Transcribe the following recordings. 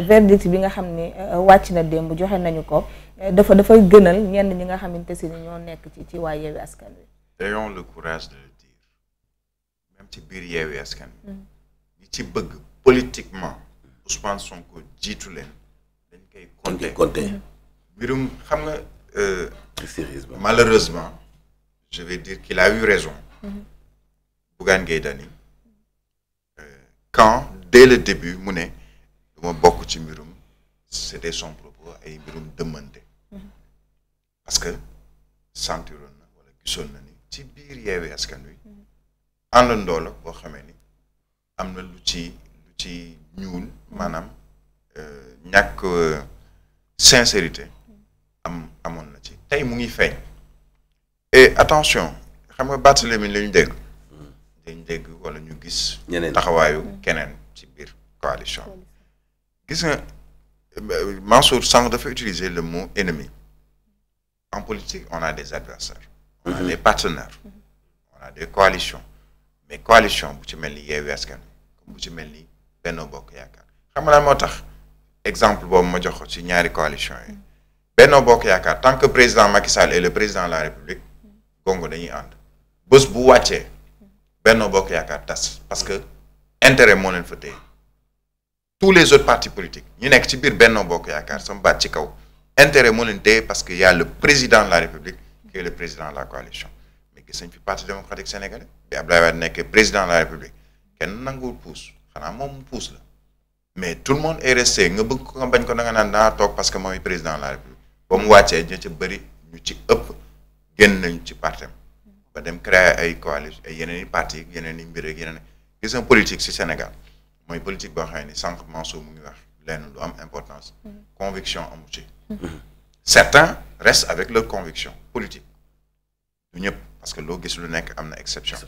verdict bi nga xam ne euh, wàcc na démb joxe nañu ko euh, dafa dafa gënal ñenn ñi nga xamante si ni ñoo nekk ci ci waa yeewi askan wi. ayons le courage de le ci biir yeewi mm. ci bëgg politiquement Ousmane Sonko leen. dañ koy compter compter. Mm-hmm. xam nga. Euh, sérieusement malheureusement. je vais dire qu'il a eu raison. Mm-hmm. Bougane Gueye Dany. quand dès le début mu ne. du ma bokk ci mbirum c'était son propos ay mbirum dëmmante parce que sentiroon na wala gisoon na ni ci biir yeewee askan wi àndandoo la boo xamee ni am na lu ci lu ci ñuul maanaam euh, ñàkk euh, sincérité am amoon na ci tey mu ngi feeñ et attention xam nga Barthélémy la ñu dégg mm. dañ dégg wala ñu gis taxawaayu keneen ci biir coalition gis nga Mansour Sang dafa utiliser le mot ennemi en politique on a des adversaires on a mhm. des partenaires on a des coalitions mais coalition bu ci mel ni Yewwi Askan Wi bu ci mel ni Benno Bokk Yaakaar xam nga lan moo tax exemple boobu ma jox ci ñaari coalition yi Benno Bokk Yaakaar tant que président Macky Sall et le président de la République gongo dañuy ànd bés bu wàccee Benno Bokk Yaakaar tas parce que intérêt moo leen fa téye tous les autres partis politiques ñu nekk ci biir Benno Bokk Yaakaar sama baat ci kaw intérêt moo leen téye parce que y a le président de la République qui le président de la coalition mais gis nañ fi parti démocratique sénégalais bi Abdoulaye Wade nekkee président de la République kenn nangu puus xanaa moom puus la mais tout le monde est resté nga bëgg ko nga bañ ko da nga naan daa toog parce que mooy président de la République ba mu wàccee ña ca bëri ñu ci ëpp génn nañu ci partem ba dem créer ay coalition ay yeneen i parti yeneen i mbir ak yeneen gis nga ci Sénégal mooy politique boo xam ne sànq Mansour mu ngi wax lenn lu am importance. conviction amu ci. certains restent avec leur conviction politique. du ñëpp parce que loo gis lu nekk am na exception.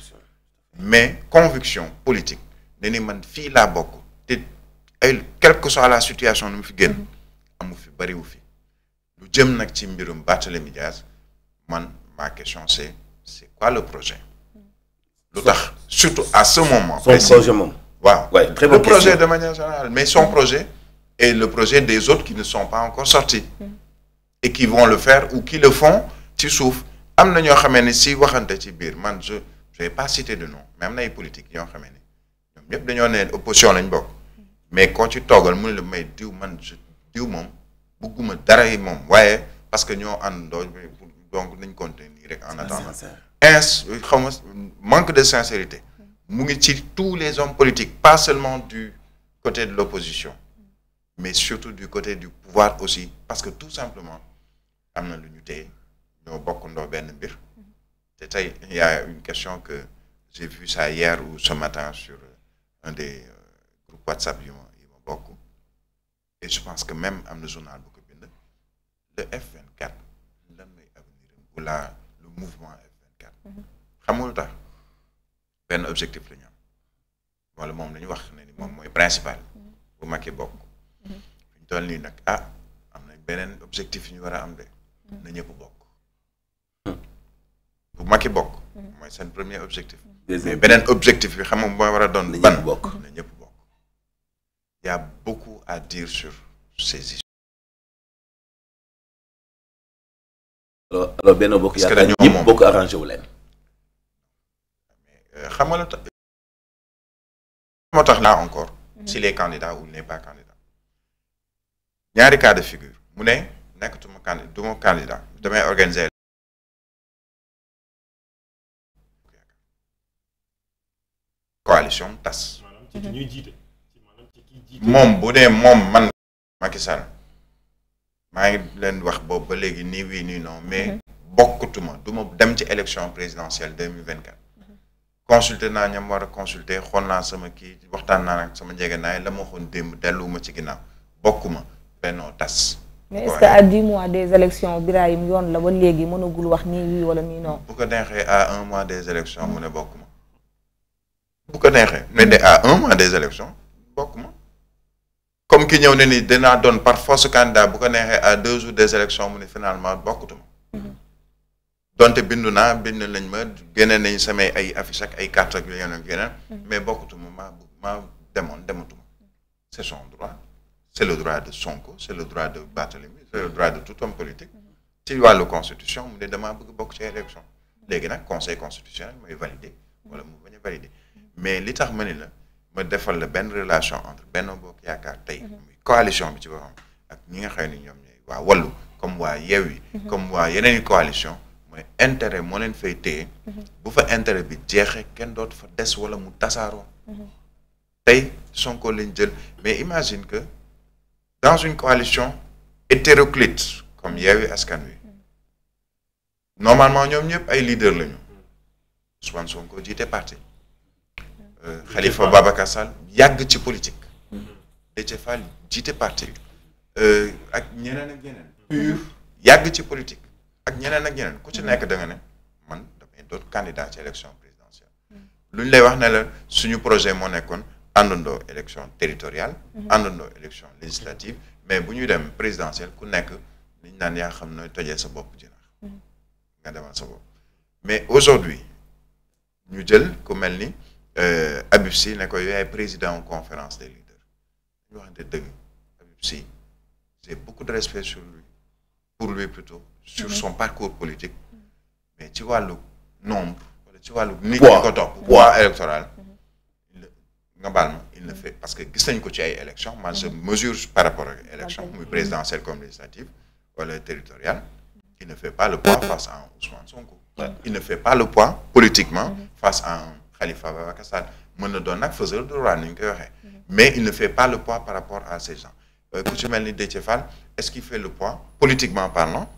mais conviction politique dañuy man fii laa bokk te ay quelle que soit la situation nu mu fi génn. Mm-hmm. amu fi bariwu fi. lu jëm nag ci mbirum Barthélémy Dias man ma question c'est c'est quoi le projet. Mm-hmm. lu tax surtout à ce moment. précis projet waaw Ouais, très le projet question. de manière générale, mais son projet et le projet des autres qui ne sont pas encore sortis mm. et qui vont le faire ou qui le font ci suuf am na ñoo xamee ne si waxante ci biir man je je vais pas citer de nom mais am na ay politique ñoo xamee ne ñoom ñëpp dañoo ne opposition lañ bokk mais koo ci toogal mu ne la may diw man je diw moom bugguma dara yi moom waaye parce que ñoo àndoo donc nañ continuer rek en attendant ins xaw ma manque de sincérité mu ngi ci tous les hommes politiques pas seulement du côté de l'opposition mais surtout du côté du pouvoir aussi parce que tout simplement am na lu ñu tey ñoo bokkandoo benn mbir te tey il y a une question que j'ai vu ça hier ou ce matin sur euh, un des euh, groupes WhatsApp yu ma yu ma bokk et je pense que même am na journal bu ko bind le F24 lan le mouvement F24 mhm. xamul tax benn objectif la am wala moom la ñu wax ne ni moom mooy principal bu Macky bokk fi toll nii nag ah am na beneen objectif yu ñu war a am de na ñëpp bokk bu Macky bokk mooy seen premier objectif mais beneen objectif bi xam nga mooy war a doon ban na ñëpp bokk y a beaucoup à dire sur ces issues alors benn bokk bokk arrangé wu xam nga la tax moo tax là encore mm-hmm. s'il est candidat ou il n'est pas candidat ñaari cas de figure mu ne nekkatuma candi du ma candidat damay organiser coalition tas moom bu dee moom man Macky maa ngi leen wax boobu ba léegi nii wii nii non mais mm-hmm. bokkutuma du ma dem ci élection présidentielle deux mille vingt quatre consulter naa ñam war a consulter xool naa sama kii waxtaan naa nag sama njëgënaay la ma waxoon démb delluwuma ci ginnaaw bokkuma bennoo tas. mais est-ce que à dix mois des élections Birahim yoon la ba léegi mënagul wax nii wii wala nii non. bu ko neexee à un mois des élections mu ne bokkuma bu ko neexee mais de à un mois des élections bokkuma comme ki ñëw ne ni danaa doon par force candidat bu ko neexee à deux jours des élections mu ne finalement bokkutuma. donte bindu naa bind nañ ma génne nañ samay ay affiche ak ay carte ak yeneen ak yeneen mais bokkutuma ma ma demoon dematuma c'est son droit c'est le droit de Sonko c'est le droit de Barthélemy c'est le mm-hmm. droit de tout homme politique ci wàllu constitution mu ne damaa bëgg bokk ci élection mm-hmm. léegi nag conseil constitutionnel mooy valider wala mu bañ a valider mm-hmm. mais li tax ma ni la ma defal la benn relation entre benn Bokk Yaakaar tey muy coalition bi ci boppam ak ñi nga xam ne ñoom ñooy waa Wallu comme waa Yewwi comme waa yeneen i coalition mooy intérêt moo leen fay téye mhm. bu fa intérêt bi jeexee kenn dootu fa des wala mu tasaaroo mhm. tey Sonko lañ jël mais imagine que dans une coalition hétéroclite comme Yewwi Askan Wi mhm. normalement ñoom ñëpp ay leader lañu Ousmane Sonko jiite parti euh, Khalifa Babacar Sall yàgg ci politique Déthié Fall jiite parti ak euh, ak ñeneen yàgg ci politique ak ñeneen ak ñeneen ku ci mm. nekk da ne man damay doon candidat ci élection présidentielle mm. lu ñu lay wax ne la suñu projet moo nekkoon àndandoo élection territoriale mm-hmm. àndandoo élection législative mais bu ñuy dem présidentielle ku nekk ñu naan yaa xam ne tojee sa bopp jinax mm-hmm. nga demal sa bopp mais aujourd'hui ñu jël ku mel ni euh, Habib Sy ne ko yaay président conférence des leaders ñu waxante dëgg Habib Sy j'ai beaucoup de respect sur lui pour lui plutôt sur mhm. son parcours politique mhm. mais ci wàllu nombre ci wàllu nit ñi ko topp poids mhm. électoral nga il ne fait parce que gis nañ ko ci ay élection man je mesure par rapport ak élection muy présidentielle comme législative wala territoriale il ne fait pas le poids face à un Ousmane Sonko il ne fait pas le poids politiquement face à un Khalifa Babacar Sall mën na doon nag faiseur de roi ni ñu koy waxee mais il ne fait pas le poids par rapport à ces gens euh, ku ci mel ni Déthié est-ce qu'il fait le poids politiquement parlant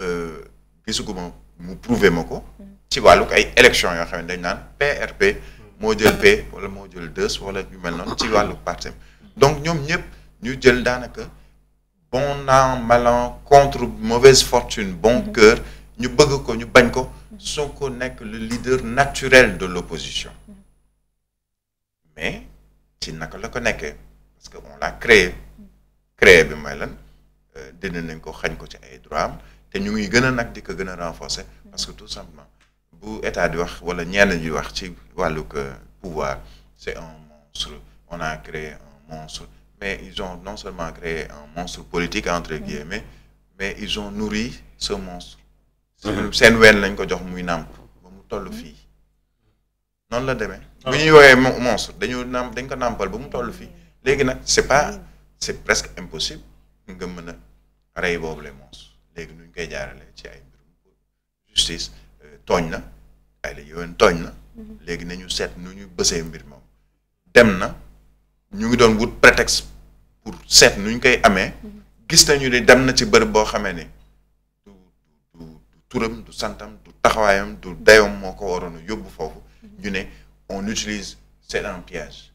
Euh, gisuguma mu prouver ma ko. ci wàllug ay élection yoo xam ne dañ naan PRP. moo jël P wala moo jël deux wala yu mel noonu ci wàllu parti donc ñoom ñëpp ñu jël daanaka bon an mal an contre mauvaise fortune bon mm-hmm. cœur ñu bëgg ko ñu bañ ko mm-hmm. soo ko nekk le leader naturel de l'opposition mm-hmm. mais ci naka la ko nekkee parce que on l'a créé bi may lan euh, dina nañ ko xañ ko ci ay droit am te ñu ngi gën a nag di ko gën a renforcer parce que tout simplement bu état di wax wala ñenn di wax ci wàllu wàllug pouvoir c'est un monstre on a créé un monstre mais ils ont non seulement créé un monstre politique entre guillemets mm-hmm. mais ils ont nourri ce monstre mm-hmm. seen ween lañ ko jox muy nàmp ba mu tollu mm-hmm. fii noonu la demee ah. bu ñuy woowee monstre dañu nàmp dañ ko nàmpal ba mu toll fii léegi nag c'est pas c'est presque impossible nga mën a rey boobu les monstres léegi nuñ koy jaarale ci ay mbirum justice euh, tooñ na ay la yowén tooñ na mm-hmm. léegi nañu seet nu ñu bësee mbir moom dem na ñu ngi doon wut prétexte pour seet nuñ koy amee mm-hmm. gis nañu ni dem na ci bërëb boo xamee ni du du turam du santam du taxawaayam du mm-hmm. dayoom moo ko waroon a yóbbu foofu ñu ne on utilise c'est un piège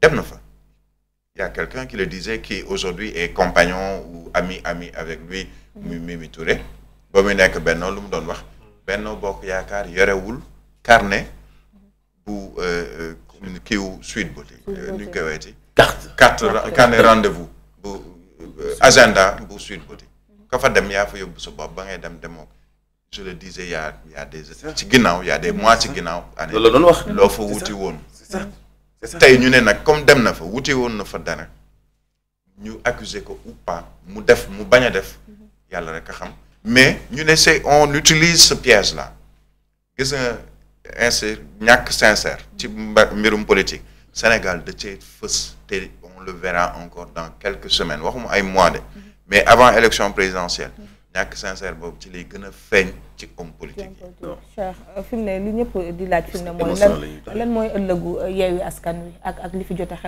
dem na fa il y a quelqu'un qui le disait qui aujourd'hui est compagnon ou ami ami avec lui mhm. mi Mimi Touré ba nekk Benno lu mu doon wax Benno Bokk Yaakaar yorewul carnet bu euh, euh, kiiw suite ba euh, nu ñu koy weeti carte carte carnet rendez-vous bu agenda bu suite ba mhm. ka fa dem yaa fa yóbbu sa bopp ba ngay dem demoo je le disais il y a il y a des ci ginnaaw il y a des mois ci ginnaaw année loo fa wuti woon tey ñu ne nag comme dem na fa wuti woon na fa dara ñu accuser ko ou pas mu def mu bañ a def mm-hmm. yàlla rek a xam mais ñu ne c'est on utilise ce piège là gis nga insi ñàkk sincère ci mbirum politique Sénégal da cee fës te on le verra encore dans quelques semaines waxuma ay mois de mm-hmm. mais avant élection présidentielle mm-hmm. ak sincère boobu ci lay gën a feeñ ci homme politique yi. Cheikh euh, fi mu ne li ñëpp di laaj fi ne mooy lan lan mooy ëllëgu euh, yeewi askan wi ak ak li fi jot xew.